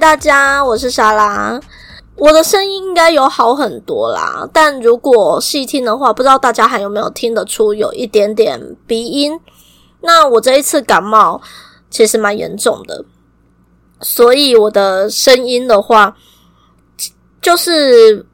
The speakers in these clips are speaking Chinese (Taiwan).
大家，我是莎拉，我的聲音應該有好很多啦。但如果細聽的話，不知道大家還有沒有聽得出有一點點鼻音？那我這一次感冒其實蠻嚴重的，所以我的聲音的話，就是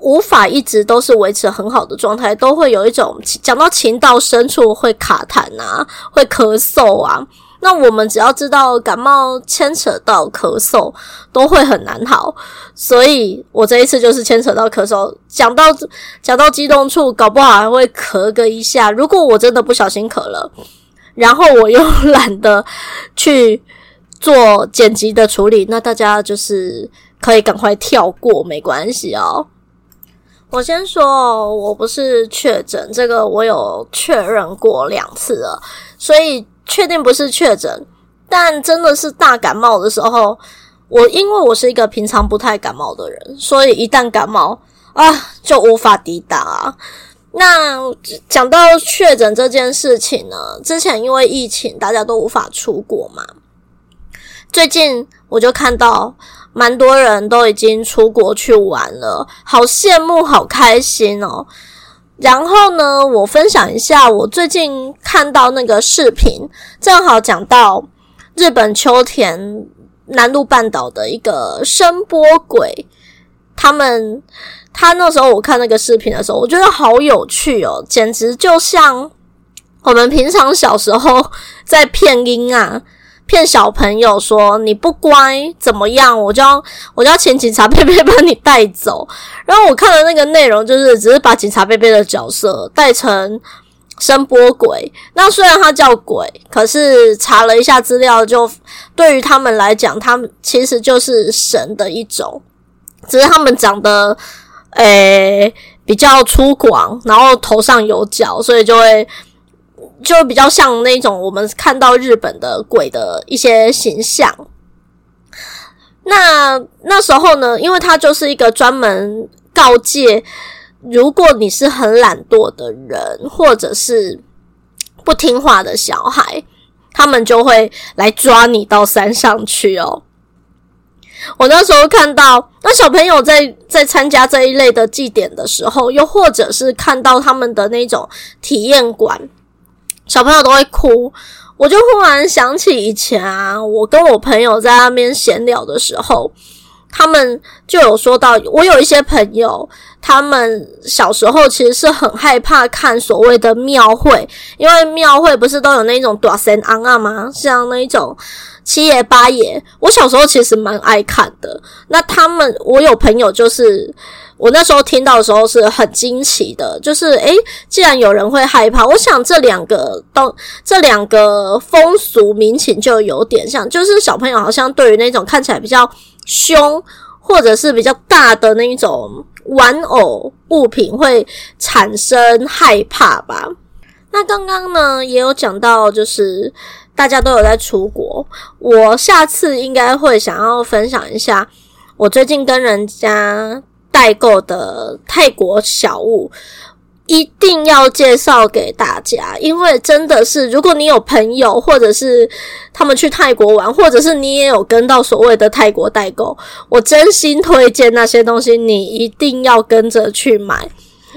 無法一直都是維持很好的狀態，都會有一種講到情到深處會卡痰啊，會咳嗽啊。那我們只要知道感冒牽扯到咳嗽都會很難好，所以我這一次就是牽扯到咳嗽，講到講到激動處，搞不好還會咳個一下。如果我真的不小心咳了，然後我又懶得去做剪輯的處理，那大家就是可以趕快跳過，沒關係哦。我先說，我不是確診，這個我有確認過兩次了，所以。確定不是確診，但真的是大感冒的時候，我因為我是一個平常不太感冒的人，所以一旦感冒啊，就無法抵擋啊。那講到確診這件事情呢，之前因為疫情大家都無法出國嘛，最近我就看到蠻多人都已經出國去玩了，好羨慕，好開心哦。然後呢，我分享一下我最近看到那個視頻，正好講到日本秋田男鹿半島的一個生剝鬼。他們他那時候我看那個視頻的時候，我覺得好有趣哦，簡直就像我們平常小時候在片音啊。騙小朋友說，你不乖怎麼樣？我就要，我就要請警察貝貝把你帶走。然後我看的那個內容就是，只是把警察貝貝的角色帶成聲波鬼。那雖然他叫鬼，可是查了一下資料就，就對於他們來講，他們其實就是神的一種，只是他們長得誒、欸、比較粗獷，然後頭上有角，所以就會。就比較像那種我們看到日本的鬼的一些形象。那那時候呢，因為他就是一個專門告誡，如果你是很懶惰的人，或者是不聽話的小孩，他們就會來抓你到山上去哦。我那時候看到那小朋友在在參加這一類的祭典的時候，又或者是看到他們的那種體驗館。小朋友都會哭，我就忽然想起以前啊，我跟我朋友在那邊閒聊的時候，他們就有說到，我有一些朋友，他們小時候其實是很害怕看所謂的廟會，因為廟會不是都有那一種大仙尪仔嘛，像那一種七爺八爺，我小時候其實蠻愛看的。那他們，我有朋友就是。我那時候聽到的時候是很驚奇的，就是誒、欸、既然有人會害怕，我想這兩個到這兩個風俗民情就有點像，就是小朋友好像對於那種看起來比較凶或者是比較大的那一種玩偶物品會產生害怕吧。那剛剛呢，也有講到，就是大家都有在出國，我下次應該會想要分享一下我最近跟人家。代購的泰國小物，一定要介紹給大家，因為真的是，如果你有朋友或者是他們去泰國玩，或者是你也有跟到所謂的泰國代購，我真心推薦那些東西，你一定要跟着去買，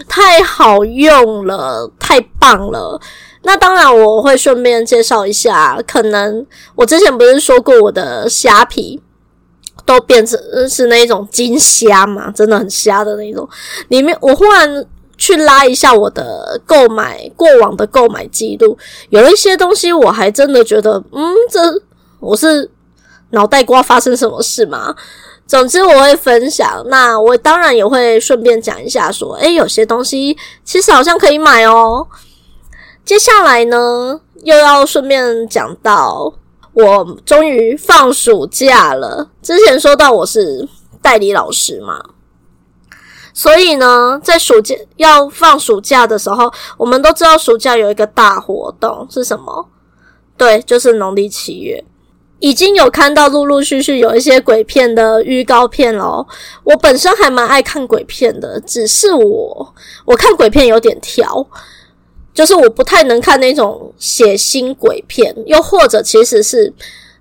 太好用了，太棒了。那當然，我會順便介紹一下，可能我之前不是說過我的蝦皮。都變成是那一種驚嚇嘛，真的很瞎的那種。裡面我忽然去拉一下我的購買過往的購買記錄，有一些東西我還真的覺得，嗯，這是我是腦袋瓜發生什麼事嘛？總之我會分享，那我當然也會順便講一下，說，誒，有些東西其實好像可以買喔。接下來呢，又要順便講到。我終於放暑假了。之前說到我是代理老師嘛，所以呢，在暑假要放暑假的時候，我們都知道暑假有一個大活動是什麼？對，就是農曆七月。已經有看到陸陸續續有一些鬼片的預告片咯。我本身還蠻愛看鬼片的，只是我我看鬼片有點挑。就是我不太能看那種血腥鬼片，又或者其實是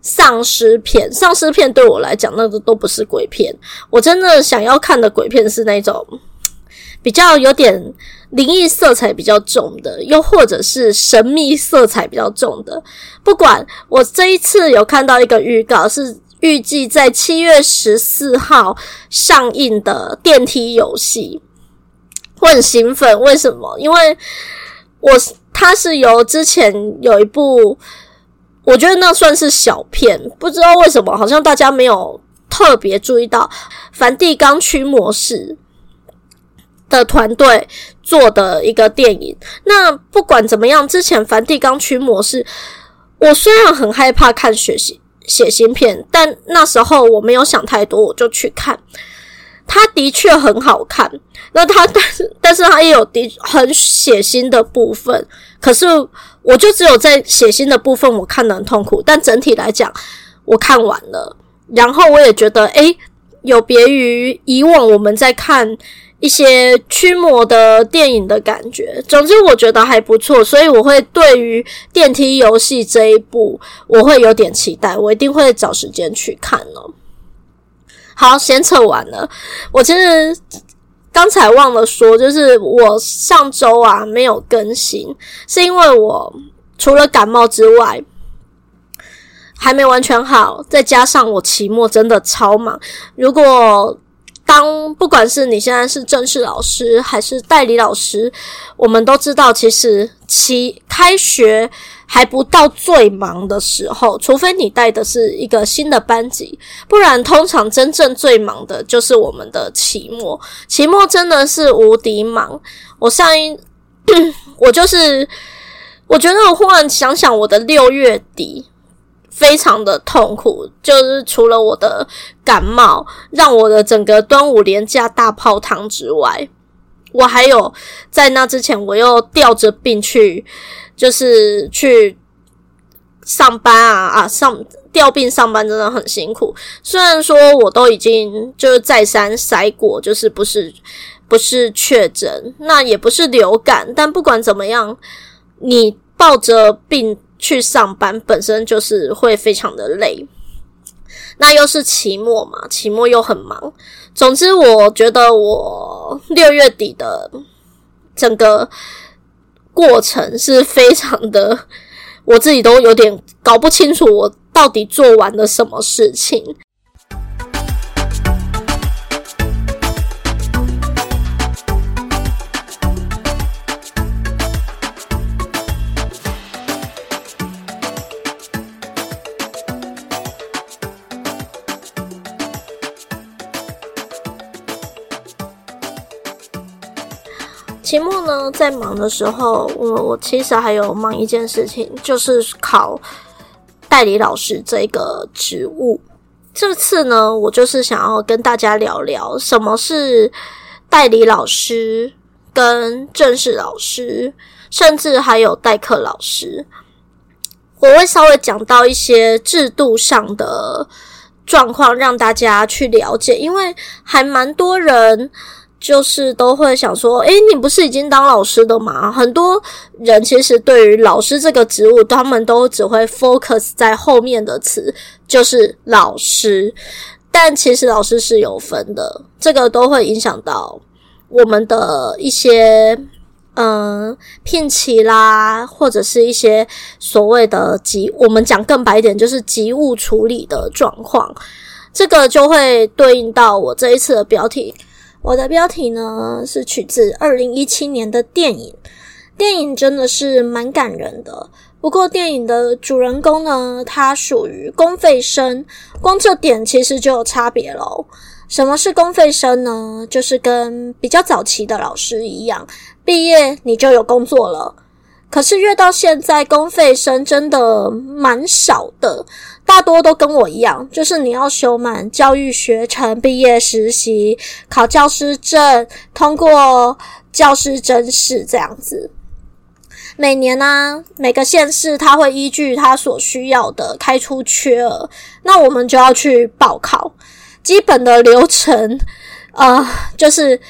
喪屍片。喪屍片對我來講，那個都不是鬼片。我真的想要看的鬼片是那種比較有點靈異色彩比較重的，又或者是神秘色彩比較重的。不管，我這一次有看到一個預告，是預計在七月十四號上映的《電梯遊戲》。我很興奮，為什麼？因為。我它是由之前有一部，我覺得那算是小片，不知道為什麼好像大家沒有特別注意到《梵蒂岡驅魔師》的團隊做的一個電影。那不管怎麼樣，之前《梵蒂岡驅魔師》，我雖然很害怕看血腥、血腥片，但那時候我沒有想太多，我就去看。它的確很好看，那它但是但是它也有的很血腥的部分，可是我就只有在血腥的部分我看得很痛苦，但整體來講我看完了，然後我也覺得誒，有別於以往我們在看一些驅魔的電影的感覺，總之我覺得還不錯，所以我會對於《電梯遊戲》這一部我會有點期待，我一定會找時間去看哦。好，閒扯完了。我其實剛才忘了說，就是我上周啊沒有更新，是因為我除了感冒之外，還沒完全好，再加上我期末真的超忙。如果當不管是你現在是正式老師還是代理老師，我們都知道，其實期開學還不到最忙的時候，除非你帶的是一個新的班級，不然通常真正最忙的就是我們的期末。期末真的是無敵忙。我上一，嗯，我就是，我覺得我忽然想想，我的六月底。非常的痛苦，就是除了我的感冒，讓我的整個端午連假大泡湯之外，我還有在那之前我又吊着病去，就是去上班啊，啊，上，吊病上班真的很辛苦。雖然說我都已經就是再三篩過，就是不是不是確診，那也不是流感，但不管怎麼樣，你抱着病。去上班本身就是會非常的累，那又是期末嘛，期末又很忙。總之，我覺得我六月底的整個過程是非常的，我自己都有點搞不清楚，我到底做完了什麼事情。節目呢，在忙的時候，我我其實還有忙一件事情，就是考代理老師這個職務。這次呢，我就是想要跟大家聊聊什麼是代理老師、跟正式老師，甚至還有代課老師。我會稍微講到一些制度上的狀況，讓大家去了解，因為還蠻多人。就是都會想說，誒，你不是已經當老師的嗎？很多人其實對於老師這個職務，他們都只會 focus 在後面的詞，就是老師。但其實老師是有分的，這個都會影響到我們的一些嗯、呃、聘期啦，或者是一些所謂的級，我們講更白一點，就是級務處理的狀況。這個就會對應到我這一次的標題。我的標題呢，是取自二零一七年的電影，電影真的是蠻感人的。不過電影的主人公呢，他屬於公費生，光這點其實就有差別嘍。什麼是公費生呢？就是跟比較早期的老師一樣，畢業你就有工作了。可是越到現在，公費生真的蠻少的，大多都跟我一樣，就是你要修滿教育學程、畢業實習、考教師證、通過教師甄試這樣子。每年呢、啊，每個縣市他會依據他所需要的開出缺額，那我們就要去報考。基本的流程，呃，就是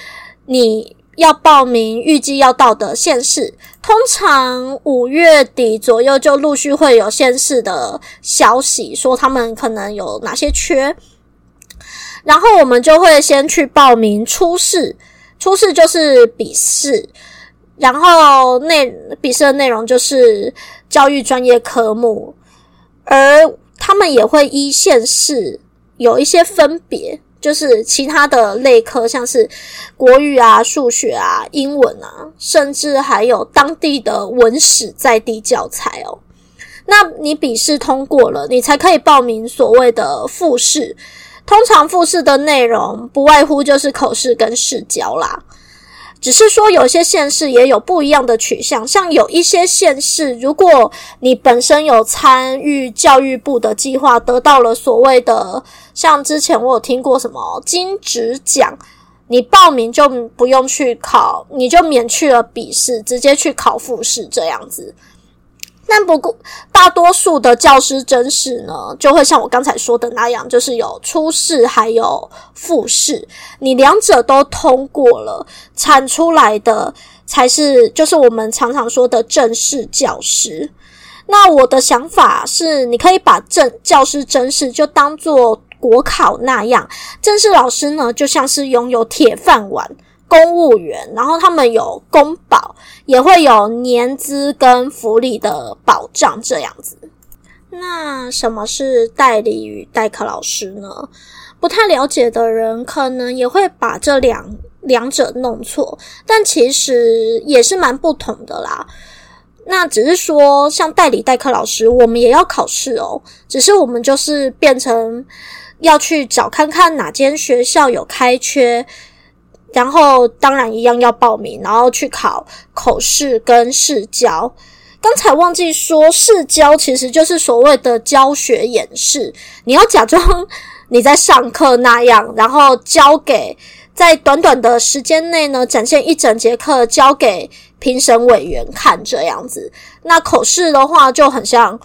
你要報名，預計要到的縣市。通常五月底左右就陸續會有縣市的消息，說他們可能有哪些缺，然後我們就會先去報名初試，初試就是筆試，然後內筆試的內容就是教育專業科目，而他們也會依縣市有一些分別。就是其他的類科，像是國語啊、數學啊、英文啊，甚至還有當地的文史在地教材哦。那你筆試通過了，你才可以報名所謂的複試。通常複試的內容不外乎就是口試跟試教啦。只是說，有些縣市也有不一樣的取向，像有一些縣市，如果你本身有參與教育部的計劃，得到了所謂的，像之前我有聽過什麼金質獎，你報名就不用去考，你就免去了筆試，直接去考複試這樣子。那不過，大多數的教師甄試呢，就會像我剛才說的那樣，就是有初試，還有複試。你兩者都通過了，產出來的才是就是我們常常說的正式教師。那我的想法是，你可以把正教師甄試就當做國考那樣，正式老師呢，就像是擁有鐵飯碗。公務員，然後他們有公保，也會有年資跟福利的保障，這樣子。那什麼是代理與代課老師呢？不太了解的人可能也會把這兩，兩者弄錯，但其實也是蠻不同的啦。那只是說，像代理代課老師，我們也要考試哦，只是我們就是變成要去找看看哪間學校有開缺。然後當然一樣要報名，然後去考口試跟試教。剛才忘記說，試教其實就是所謂的教學演示，你要假裝你在上課那樣，然後教給在短短的時間內呢，展現一整節課，教給評審委員看這樣子。那口試的話就很像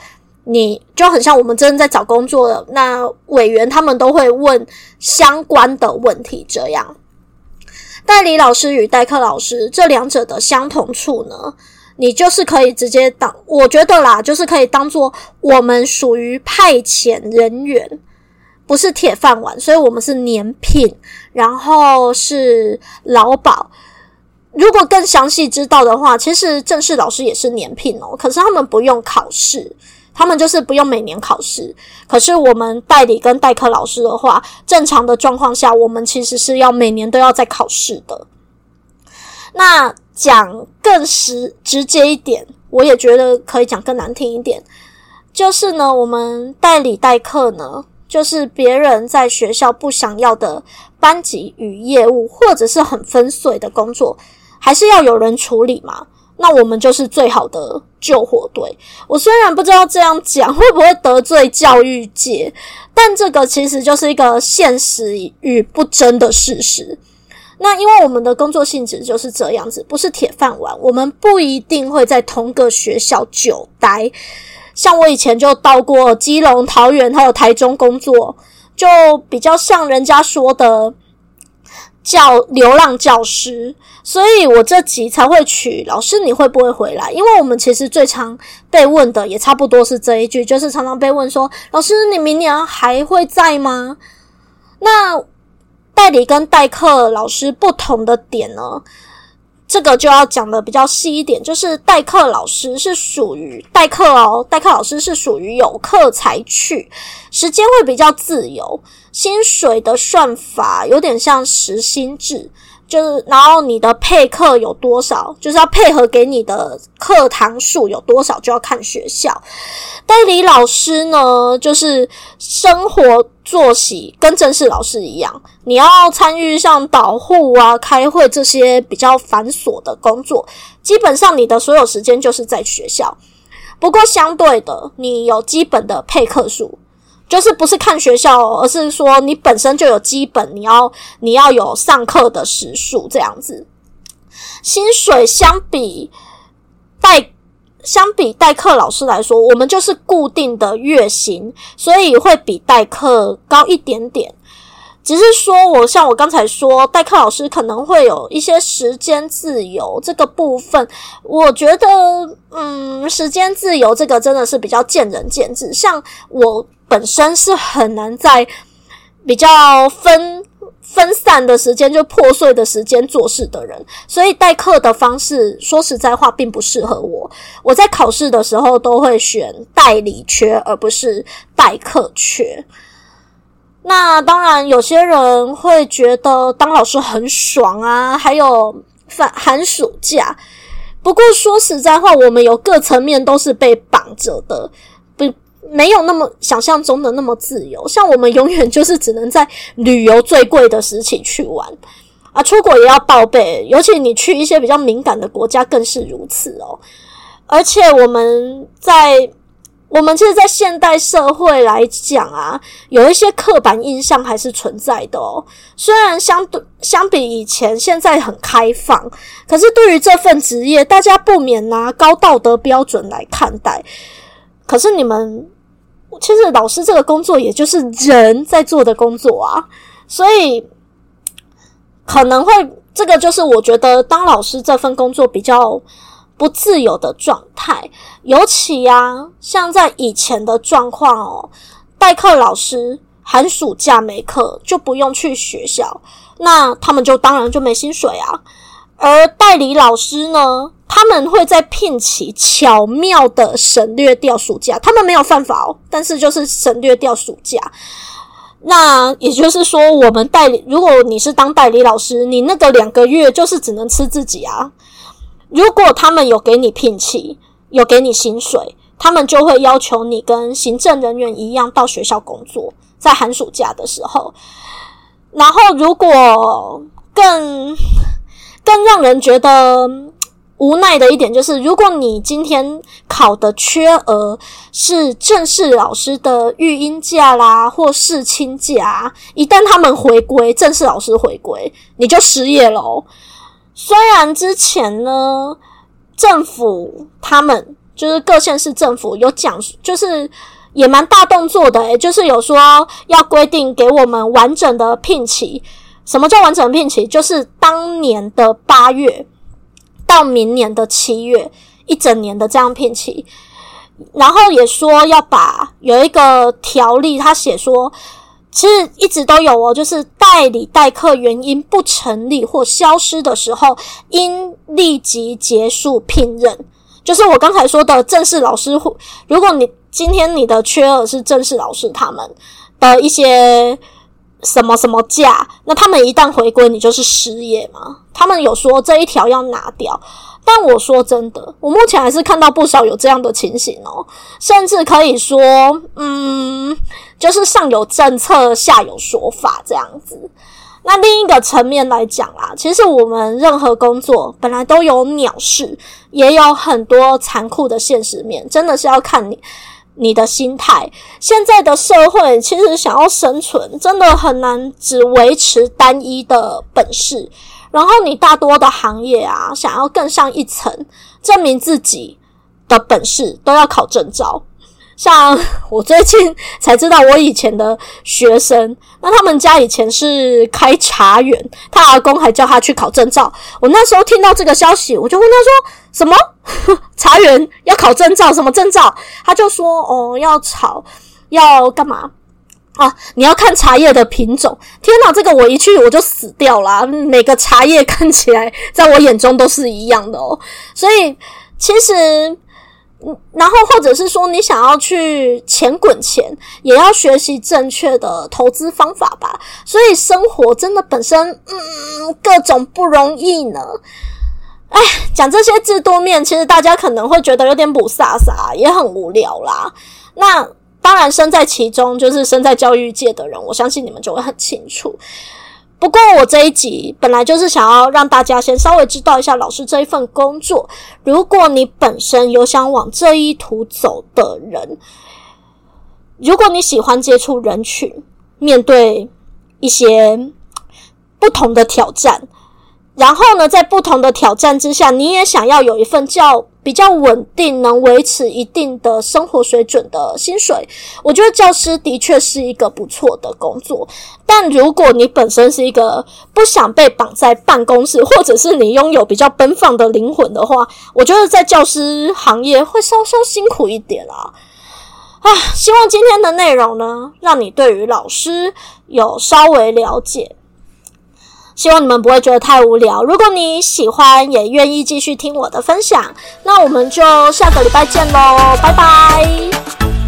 你，你就很像我們真的在找工作了。那委員他們都會問相關的問題，這樣。代理老師與代課老師這兩者的相同處呢，你就是可以直接當，我覺得啦，就是可以當作我們屬於派遣人員，不是鐵飯碗，所以我們是年聘，然後是勞保。如果更詳細知道的話，其實正式老師也是年聘喔，可是他們不用考試。他們就是不用每年考試，可是我們代理跟代課老師的話，正常的狀況下，我們其實是要每年都要再考試的。那講更直直接一點，我也覺得可以講更難聽一點，就是呢，我們代理代課呢，就是別人在學校不想要的班級與業務，或者是很分碎的工作，還是要有人處理嘛。那我們就是最好的救火隊。我雖然不知道這樣講會不會得罪教育界，但這個其實就是一個現實與不爭的事實。那因為我們的工作性質就是這樣子，不是鐵飯碗，我們不一定會在同個學校久待。像我以前就到過基隆、桃園還有台中工作，就比較像人家說的。叫流浪教師，所以我這集才會取老師你會不會回來？因為我們其實最常被問的也差不多是這一句，就是常常被問說老師你明年還會在嗎？那代理跟代課老師不同的點呢，這個就要講得比較細一點，就是代課老師是屬於代課哦，代課老師是屬於有課才去，時間會比較自由。薪水的算法有點像時薪制，就是然後你的配課有多少，就是要配合給你的課堂數有多少，就要看學校。代理老師呢，就是生活作息跟正式老師一樣，你要參與像導護啊、開會這些比較繁瑣的工作，基本上你的所有時間就是在學校。不過相對的，你有基本的配課數。就是不是看學校，而是說你本身就有基本，你要你要有上課的時數這樣子。薪水相比代相比代課老師來說，我們就是固定的月薪，所以會比代課高一點點。只是說我像我剛才說，代課老師可能會有一些時間自由這個部分，我覺得嗯，時間自由這個真的是比較見仁見智。像我。本身是很難在比較分分散的時間就破碎的時間做事的人，所以代課的方式說實在話並不適合我。我在考試的時候都會選代理缺而不是代課缺。那當然，有些人會覺得當老師很爽啊，還有放寒暑假。不過說實在話，我們有各層面都是被綁着的。沒有那麼想象中的那麼自由，像我們永遠就是只能在旅遊最貴的時期去玩，啊，出國也要報備，尤其你去一些比較敏感的國家更是如此哦。而且我們在我們其實，在現代社會來講啊，有一些刻板印象還是存在的哦。雖然相對相比以前，現在很開放，可是對於這份職業，大家不免拿高道德標準來看待。可是你們，其實老師這個工作也就是人在做的工作啊，所以可能會這個就是我覺得當老師這份工作比較不自由的狀態，尤其呀，像在以前的狀況哦，代課老師寒暑假沒課就不用去學校，那他們就當然就沒薪水啊。而代理老師呢，他們會在聘期巧妙的省略掉暑假，他們沒有犯法哦，但是就是省略掉暑假。那也就是說，我們代理，如果你是當代理老師，你那個兩個月就是只能吃自己啊。如果他們有給你聘期，有給你薪水，他們就會要求你跟行政人員一樣到學校工作，在寒暑假的時候。然後，如果更。更讓人覺得無奈的一點就是，如果你今天考的缺額是正式老師的育嬰假啦，或是親假，一旦他們回歸，正式老師回歸，你就失業嘍。雖然之前呢，政府他們就是各縣市政府有講，就是也蠻大動作的、欸，就是有說要規定給我們完整的聘期。什麼叫完整聘期？就是當年的八月到明年的七月，一整年的這樣聘期。然後也說要把有一個條例，他寫說，其實一直都有哦，就是代理代課原因不成立或消失的時候，應立即結束聘任。就是我剛才說的正式老師，如果你，今天你的缺額是正式老師，他們的一些。什麼什麼價？那他們一旦回歸，你就是失業嗎？他們有說這一條要拿掉，但我說真的，我目前還是看到不少有這樣的情形哦、喔。甚至可以說，嗯，就是上有政策，下有說法這樣子。那另一個層面來講啦，其實我們任何工作本來都有鳥事，也有很多殘酷的現實面，真的是要看你。你的心態，現在的社會其實想要生存，真的很難，只維持單一的本事。然後你大多的行業啊，想要更上一層，證明自己的本事，都要考證照。像我最近才知道，我以前的學生，那他們家以前是開茶園，他阿公還叫他去考證照。我那時候聽到這個消息，我就問他說：“什麼茶園要考證照？什麼證照？”他就說：“哦，要炒，要幹嘛啊？你要看茶葉的品種。”天哪，這個我一去我就死掉了啊。每個茶葉看起來在我眼中都是一樣的哦，所以其實。然後，或者是說你想要去錢滾錢，也要學習正確的投資方法吧。所以生活真的本身，嗯，各種不容易呢。哎，講這些制度面，其實大家可能會覺得有點不颯颯，也很無聊啦。那當然，身在其中就是身在教育界的人，我相信你們就會很清楚。不過，我這一集本來就是想要讓大家先稍微知道一下老師這一份工作。如果你本身有想往這一途走的人，如果你喜歡接觸人群，面對一些不同的挑戰，然後呢，在不同的挑戰之下，你也想要有一份叫……比較穩定，能維持一定的生活水準的薪水，我覺得教師的確是一個不錯的工作。但如果你本身是一個不想被綁在辦公室，或者是你擁有比較奔放的靈魂的話，我覺得在教師行業會稍稍辛苦一點啦。啊，希望今天的內容呢，讓你對於老師有稍微了解。希望你們不會覺得太無聊。如果你喜歡，也願意繼續聽我的分享，那我們就下個禮拜見嘍，拜拜。